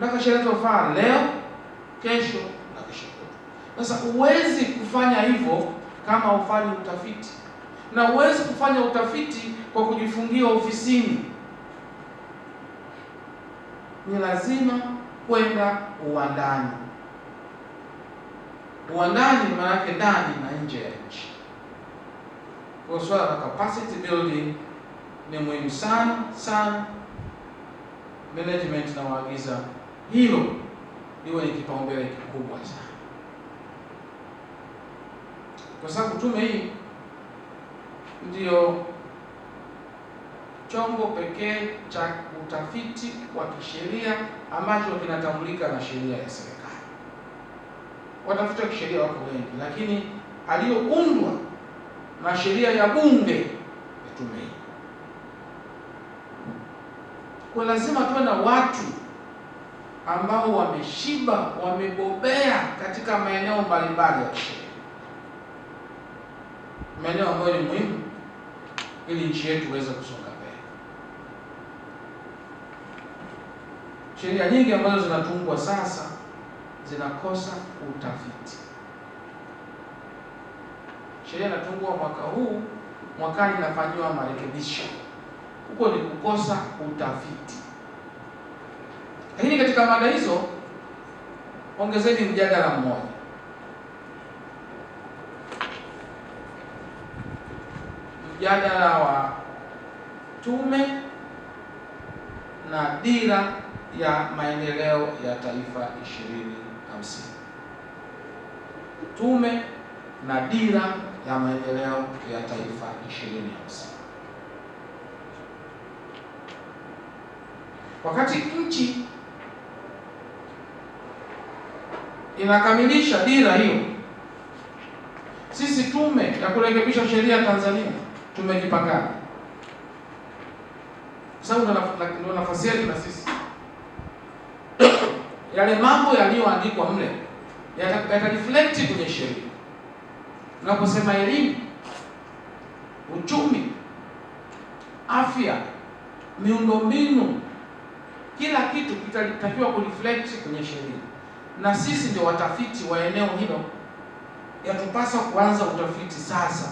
nataka sherehe tofaa leo, kesho na kesho Sasa huwezi kufanya hivyo kama ufanye utafiti, na huwezi kufanya utafiti kwa kujifungia ofisini. Ni lazima kwenda uwandani. Uwandani maana yake ndani na nje ya nchi. Kwa swala la capacity building ni muhimu sana sana, management na waagiza hilo liwe ni kipaumbele kikubwa sana, kwa sababu tume hii ndiyo chombo pekee cha utafiti wa kisheria ambacho kinatambulika na sheria ya serikali. Watafiti wa kisheria wako wengi, lakini aliyoundwa na sheria ya bunge ya tume hii, kwa lazima tuwe na watu ambao wameshiba, wamebobea katika maeneo mbalimbali ya sheria, maeneo ambayo ni muhimu ili nchi yetu iweze kusonga mbele. Sheria nyingi ambazo zinatungwa sasa zinakosa utafiti. Sheria inatungwa mwaka huu, mwakani inafanyiwa marekebisho, huko ni kukosa utafiti. Lakini katika mada hizo ongezeni mjadala mmoja. Mjadala wa tume na dira ya maendeleo ya taifa 2050. Tume na dira ya maendeleo ya taifa 2050. Wakati nchi inakamilisha dira hiyo. Sisi Tume ya Kurekebisha Sheria Tanzania tumejipanga, kwa sababu ndio nafasi yetu na sisi yale mambo yaliyoandikwa mle yatareflect kwenye sheria. Tunaposema elimu, uchumi, afya, miundombinu, kila kitu kitatakiwa kureflect kwenye sheria na sisi ndio watafiti wa eneo hilo, yatupasa kuanza utafiti sasa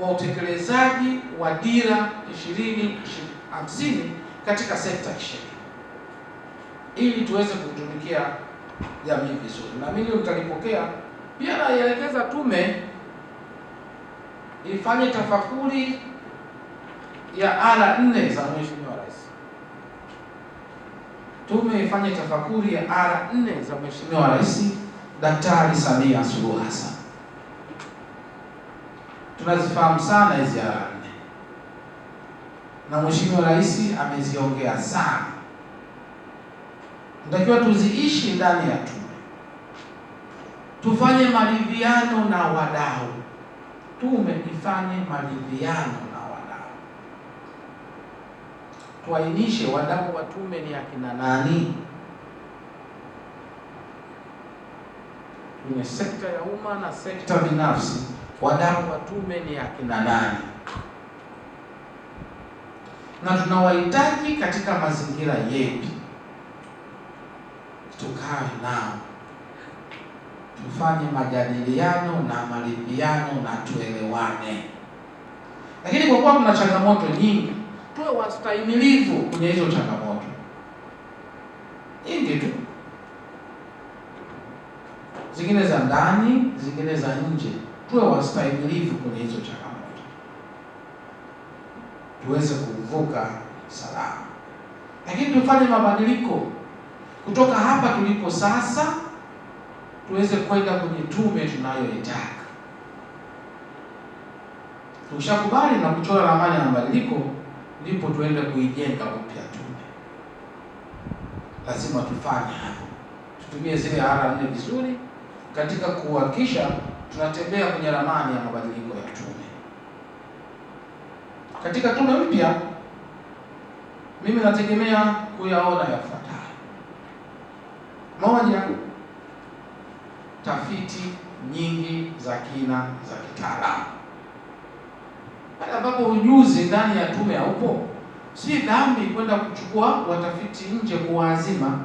wa utekelezaji wa dira 2050 katika sekta ya ili tuweze kutumikia jamii vizuri. Na mimi nitalipokea pia, naielekeza tume ifanye tafakuri ya ara nne za Mheshimiwa Rais tume ifanye tafakuri ya ara nne za Mheshimiwa Rais Daktari Samia Suluhu Hassan. Tunazifahamu sana hizi ara nne, na Mheshimiwa Rais ameziongea sana, tunatakiwa tuziishi ndani ya tume, tufanye maridhiano na wadau, tume ifanye maridhiano tuainishe wadau wa tume ni akina nani kwenye sekta ya umma na sekta binafsi, wadau watume ni akina nani, na tunawahitaji katika mazingira yepi, tukae nao tufanye majadiliano na maridhiano na tuelewane. Lakini kwa kuwa kuna changamoto nyingi tuwe wastahimilivu kwenye hizo changamoto nyingi tu, zingine za ndani, zingine za nje. Tuwe wastahimilivu kwenye hizo changamoto tuweze kuvuka salama, lakini tufanye mabadiliko kutoka hapa tulipo sasa, tuweze kwenda kwenye tume tunayoitaka. Tukishakubali na kuchora ramani ya mabadiliko ndipo tuende kuijenga upya tume. Lazima tufanye hayo, tutumie zile ara nne vizuri katika kuhakikisha tunatembea kwenye ramani ya mabadiliko ya tume. Katika tume mpya, mimi nategemea kuyaona yafuatayo: moja, tafiti nyingi za kina za kitaalamu pale ambapo ujuzi ndani ya tume haupo, si dhambi kwenda kuchukua watafiti nje kuwaazima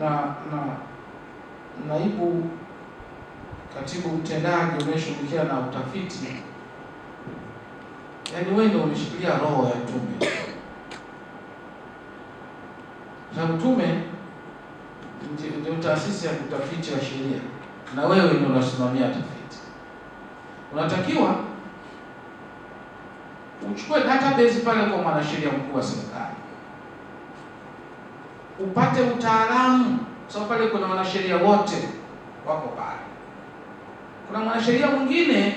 na na naibu katibu mtendaji unayeshughulikia na utafiti, yaani wewe ndio umeshikilia roho ya tume, sababu tume ndio taasisi ya utafiti wa sheria na wewe ndio unasimamia tafiti unatakiwa uchukue database pale kwa mwanasheria mkuu wa serikali upate utaalamu, kwa sababu pale kuna wanasheria wote wako pale. Kuna mwanasheria mwingine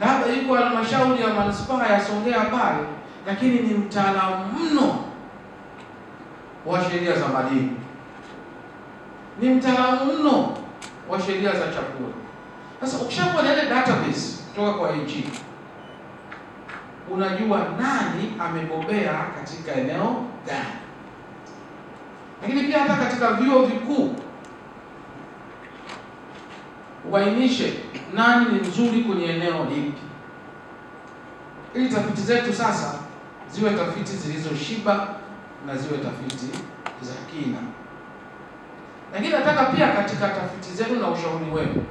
labda yuko halmashauri ya manispaa ya Songea pale, lakini ni mtaalamu mno wa sheria za madini, ni mtaalamu mno wa sheria za chakula. Sasa ukishakuwa na ile database kutoka kwa AG, unajua nani amebobea katika eneo gani. Lakini pia hata katika vyuo vikuu uainishe nani ni mzuri kwenye eneo lipi, ili tafiti zetu sasa ziwe tafiti zilizoshiba na ziwe tafiti za kina. Lakini nataka pia katika tafiti zenu na ushauri wenu,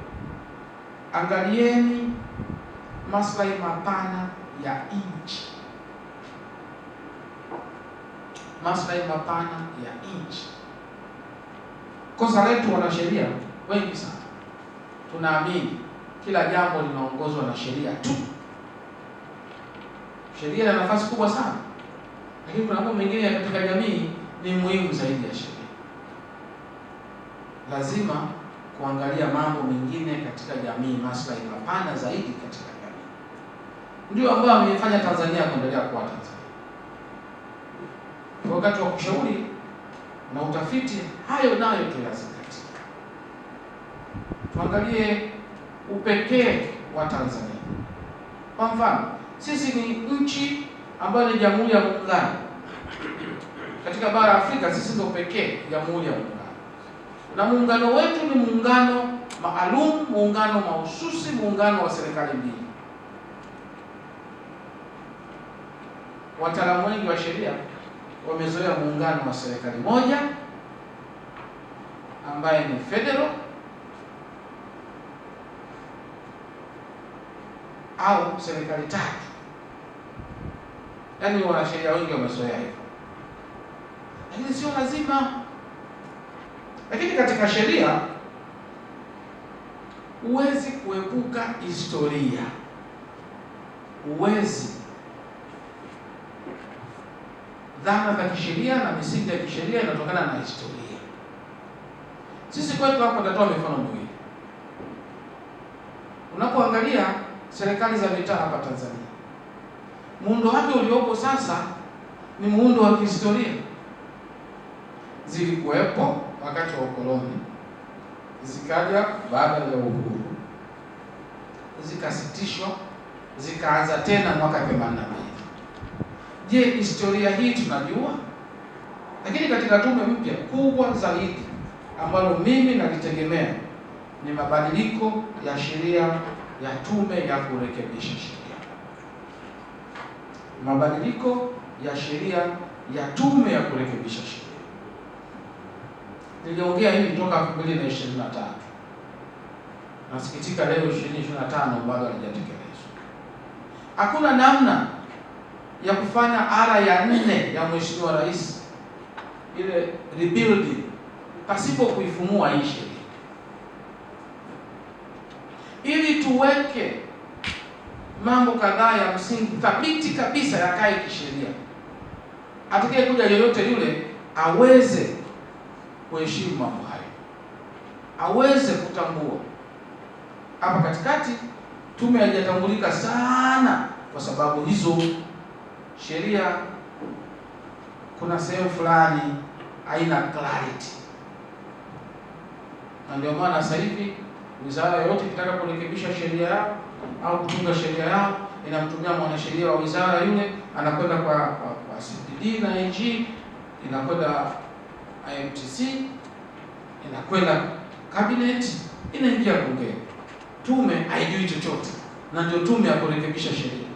angalieni maslahi mapana ya nchi, maslahi mapana ya nchi. Kosa letu wanasheria wengi sana tunaamini kila jambo linaongozwa na sheria tu. Sheria ina nafasi kubwa sana, lakini kuna mambo mengine katika jamii ni muhimu zaidi ya sheria. Lazima kuangalia mambo mengine katika jamii, maslahi mapana zaidi katika ndio ambayo ameifanya Tanzania kuendelea kuwa Tanzania. Wakati wa kushauri na utafiti, hayo nayo tuyazingatie, tuangalie upekee wa Tanzania. Kwa mfano, sisi ni nchi ambayo ni Jamhuri ya Muungano katika bara Afrika, sisi ndio pekee Jamhuri ya Muungano, na muungano wetu ni muungano maalum, muungano mahususi, muungano wa serikali mbili wataalamu wengi wa sheria wamezoea muungano wa serikali moja ambaye ni federal au serikali tatu. Yaani wanasheria wengi wamezoea hivyo, lakini sio lazima. Lakini katika sheria huwezi kuepuka historia, huwezi dhana za kisheria na misingi ya kisheria inatokana na historia. Sisi kwetu hapa tutatoa mifano miwili. Unapoangalia serikali za mitaa hapa Tanzania, muundo wake uliopo sasa ni muundo wa kihistoria. Zilikuwepo wakati wa ukoloni, zikaja baada ya uhuru, zikasitishwa, zikaanza tena mwaka 82 Je, historia hii tunajua? Lakini katika tume mpya kubwa zaidi ambalo mimi nalitegemea ni mabadiliko ya sheria ya tume ya kurekebisha sheria, mabadiliko ya sheria ya tume ya kurekebisha sheria. Niliongea hii toka 2023 nasikitika leo 2025 bado halijatekelezwa. Hakuna namna ya kufanya ara ya nne ya Mheshimiwa Rais ile rebuilding pasipo kuifumua hii sheria ili tuweke mambo kadhaa ya msingi thabiti kabisa yakae kisheria, atakaye kuja yoyote yule aweze kuheshimu mambo hayo, aweze kutambua. Hapa katikati tume haijatambulika sana kwa sababu hizo sheria kuna sehemu fulani haina clarity, na ndio maana sasa hivi wizara yoyote ikitaka kurekebisha sheria yao au kutunga sheria yao inamtumia mwanasheria wa wizara yule, anakwenda kwa, kwa, kwa CPD na IG, inakwenda IMTC, inakwenda cabinet, inaingia bunge. Tume haijui chochote, na ndio tume ya kurekebisha sheria